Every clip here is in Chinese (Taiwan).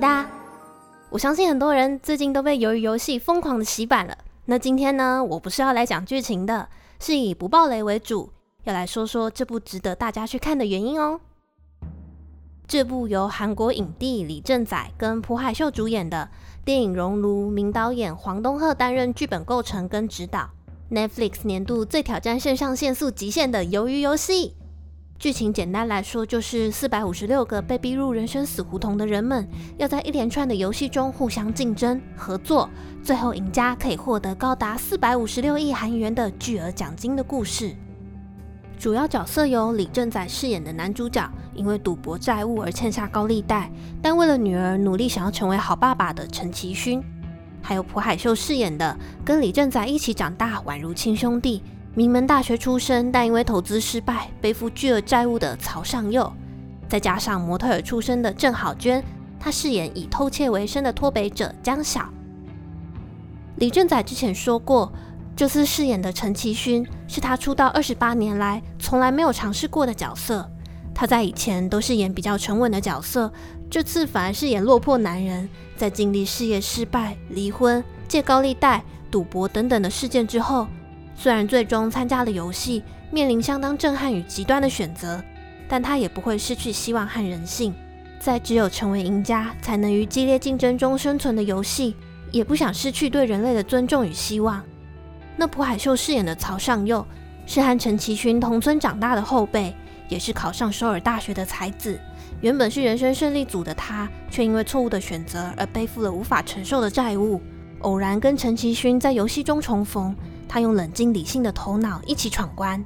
啊，我相信很多人最近都被《魷魚遊戲》瘋狂的洗版了。那今天呢，我不是要來講劇情的，是以不爆雷為主，要來說說這部值得大家去看的原因哦、喔。這部由韓國影帝李政宰跟朴海秀主演的電影《熔爐》，名導演黃東赫擔任劇本構成跟指導，Netflix 年度最挑戰腎上腺素極限的《魷魚遊戲》。劇情簡單來說，就是四百五十六個被逼入人生死胡同的人們，要在一連串的遊戲中互相競爭、合作，最後贏家可以獲得高達四百五十六億韓元的巨額獎金的故事。主要角色由李正宰飾演的男主角，因為賭博債務而欠下高利貸，但為了女兒努力想要成為好爸爸的陳其勳，還有朴海秀飾演的跟李正宰一起長大、宛如親兄弟。名門大學出身，但因為投資失敗背負巨額債務的曹尚佑，再加上模特兒出身的鄭好娟，她飾演以偷竊為生的脫北者江曉。李正宰之前說過，這次飾演的陳其勳是他出道二十八年來從來沒有嘗試過的角色。他在以前都是演比較沉穩的角色，這次反而是演落魄男人，在經歷事業失敗、離婚、借高利貸、賭博等等的事件之後。雖然最終參加了遊戲，面臨相當震撼與極端的選擇，但他也不會失去希望和人性。在只有成為贏家才能於激烈競爭中生存的遊戲，也不想失去對人類的尊重與希望。那朴海秀飾演的曹尚佑是和陳其勳同村長大的後輩，也是考上首爾大學的才子。原本是人生勝利組的他，卻因為錯誤的選擇而背負了無法承受的債務。偶然跟陳其勳在遊戲中重逢。他用冷靜理性的頭腦一起闖關。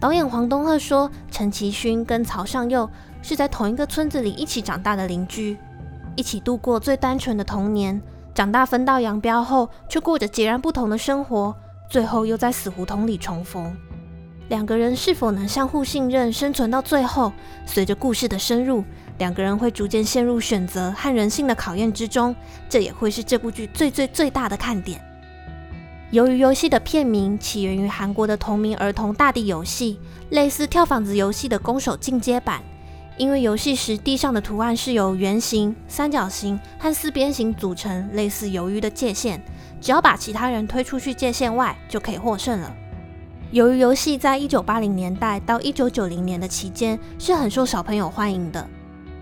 導演黃東赫說：“陳其勛跟曹尚佑是在同一個村子裡一起長大的鄰居，一起度過最單純的童年。長大分道揚鑣後，卻過着截然不同的生活。最後又在死胡同裡重逢。兩個人是否能相互信任，生存到最後？隨着故事的深入，兩個人會逐漸陷入選擇和人性的考驗之中。這也會是這部劇最最最大的看點。”魷魚遊戲的片名起源於韓國的同名兒童大地遊戲，類似跳房子遊戲的攻守進階版。因為遊戲時地上的圖案是由圓形、三角形和四邊形組成，類似魷魚的界限，只要把其他人推出去界限外就可以獲勝了。魷魚遊戲在一九八零年代到一九九零年的期間是很受小朋友歡迎的，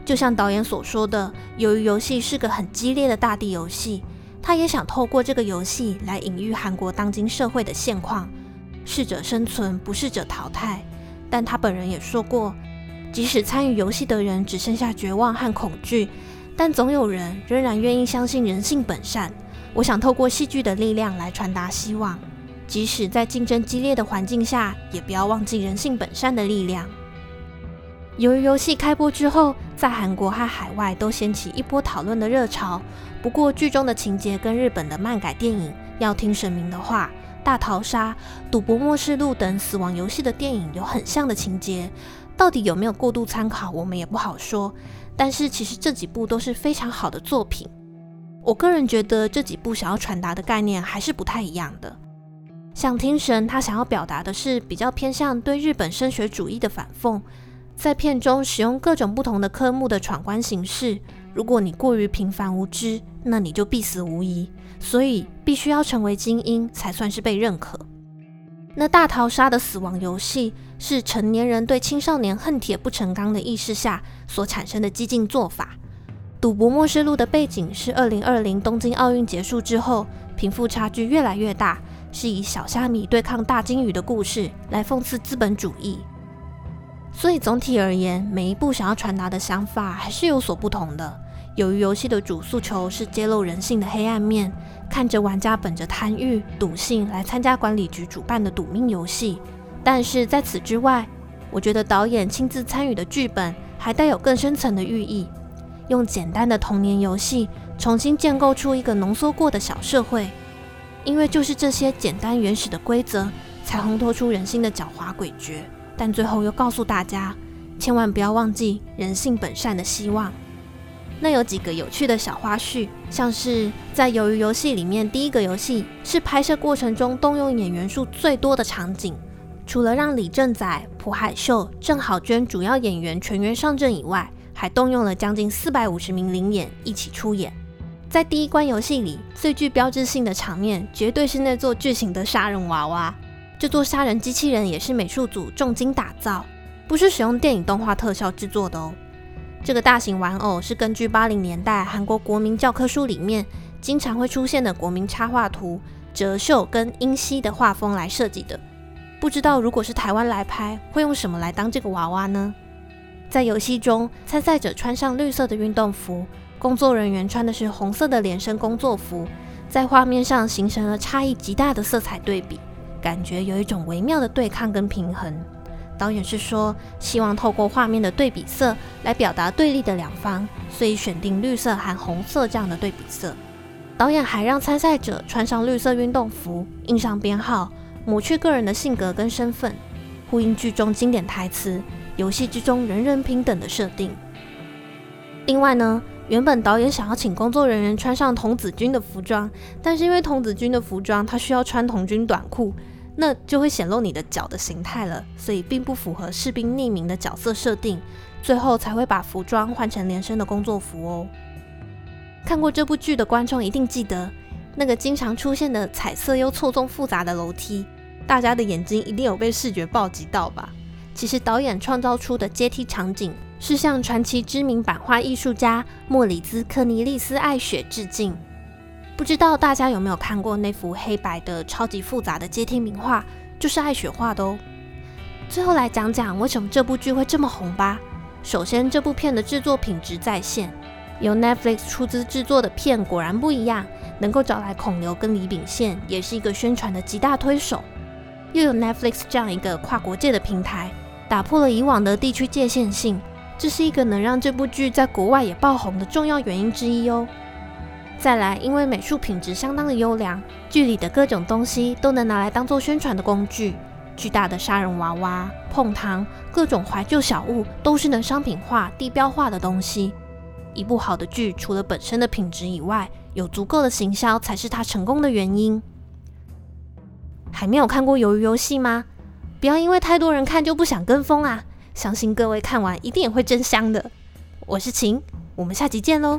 就像導演所說的，魷魚遊戲是個很激烈的大地遊戲。他也想透過這個遊戲來隱喻韓國當今社會的現況，適者生存，不適者淘汰。但他本人也說過，即使參與遊戲的人只剩下絕望和恐懼，但總有人仍然願意相信人性本善。我想透過戲劇的力量來傳達希望，即使在競爭激烈的環境下，也不要忘記人性本善的力量。魷魚遊戲開播之後，在韓國和海外都掀起一波討論的熱潮。不過，劇中的情節跟日本的漫改電影《要聽神明的話》《大逃殺》《賭博默示錄》等死亡遊戲的電影有很像的情節，到底有沒有過度參考，我們也不好說。但是，其實這幾部都是非常好的作品。我個人覺得這幾部想要傳達的概念還是不太一樣的。像《聽神》，他想要表達的是比較偏向對日本升學主義的反諷。在片中使用各種不同的科目的闖關形式，如果你過於平凡無知，那你就必死無疑。所以必須要成為精英才算是被認可。那大逃殺的死亡遊戲是成年人對青少年恨鐵不成鋼的意識下所產生的激進做法。賭博默示錄的背景是二零二零東京奧運結束之後，貧富差距越來越大，是以小蝦米對抗大鯨魚的故事來諷刺資本主義。所以總體而言，每一部想要傳達的想法還是有所不同的。由於遊戲的主訴求是揭露人性的黑暗面，看着玩家本着貪欲、賭性來參加管理局主辦的賭命遊戲。但是在此之外，我覺得導演親自參與的劇本還帶有更深層的寓意，用簡單的童年遊戲重新建構出一個濃縮過的小社會。因為就是這些簡單原始的規則，才烘托出人心的狡猾詭譎。但最後又告訴大家，千萬不要忘記人性本善的希望。那有幾個有趣的小花絮，像是在《魷魚遊戲》裡面，第一個遊戲是拍攝過程中動用演員數最多的場景，除了讓李政宰、朴海秀、鄭浩娟主要演員全員上陣以外，還動用了將近四百五十名臨演一起出演。在第一關遊戲裡最具標誌性的場面，絕對是那座巨型的殺人娃娃。這座殺人機器人也是美術組重金打造，不是使用電影動畫特效製作的哦。這個大型玩偶是根據八零年代韓國國民教科書裡面經常會出現的國民插畫圖哲秀跟英熙的畫風來設計的。不知道如果是台灣來拍，會用什麼來當這個娃娃呢？在遊戲中，參賽者穿上綠色的運動服，工作人員穿的是紅色的連身工作服，在畫面上形成了差異極大的色彩對比。感覺有一種微妙的對抗跟平衡。導演是說，希望透過畫面的對比色來表達對立的兩方，所以選定綠色和紅色這樣的對比色。導演還讓參賽者穿上綠色運動服，印上編號，抹去個人的性格跟身份，呼應劇中經典台詞“遊戲之中人人平等”的設定。另外呢，原本導演想要請工作人員穿上童子軍的服裝，但是因為童子軍的服裝他需要穿童軍短褲，那就會顯露你的腳的形態了，所以並不符合士兵匿名的角色設定。最後才會把服裝換成連身的工作服哦。看過這部劇的觀眾一定記得那個經常出現的彩色又錯綜複雜的樓梯，大家的眼睛一定有被視覺暴擊到吧？其實導演創造出的階梯場景。是向傳奇知名版畫藝術家莫里茲·科尼利斯·艾雪致敬。不知道大家有沒有看過那幅黑白的超級複雜的階梯名畫，就是艾雪畫的哦。最後來講講為什麼這部劇會這麼紅吧。首先，這部片的製作品質在線，由 Netflix 出資製作的片果然不一樣，能夠找來孔劉跟李秉憲，也是一個宣傳的極大推手。又有 Netflix 這樣一個跨國界的平台，打破了以往的地區界限性。這是一個能讓這部劇在國外也爆紅的重要原因之一哦。再來，因為美術品質相當的優良，劇裡的各種東西都能拿來當做宣傳的工具。巨大的殺人娃娃、椪糖、各種懷舊小物，都是能商品化、地標化的東西。一部好的劇，除了本身的品質以外，有足夠的行銷才是它成功的原因。還沒有看過《魷魚遊戲》嗎？不要因為太多人看就不想跟風啊！相信各位看完一定也會真香的。我是晴，我們下集見嘍。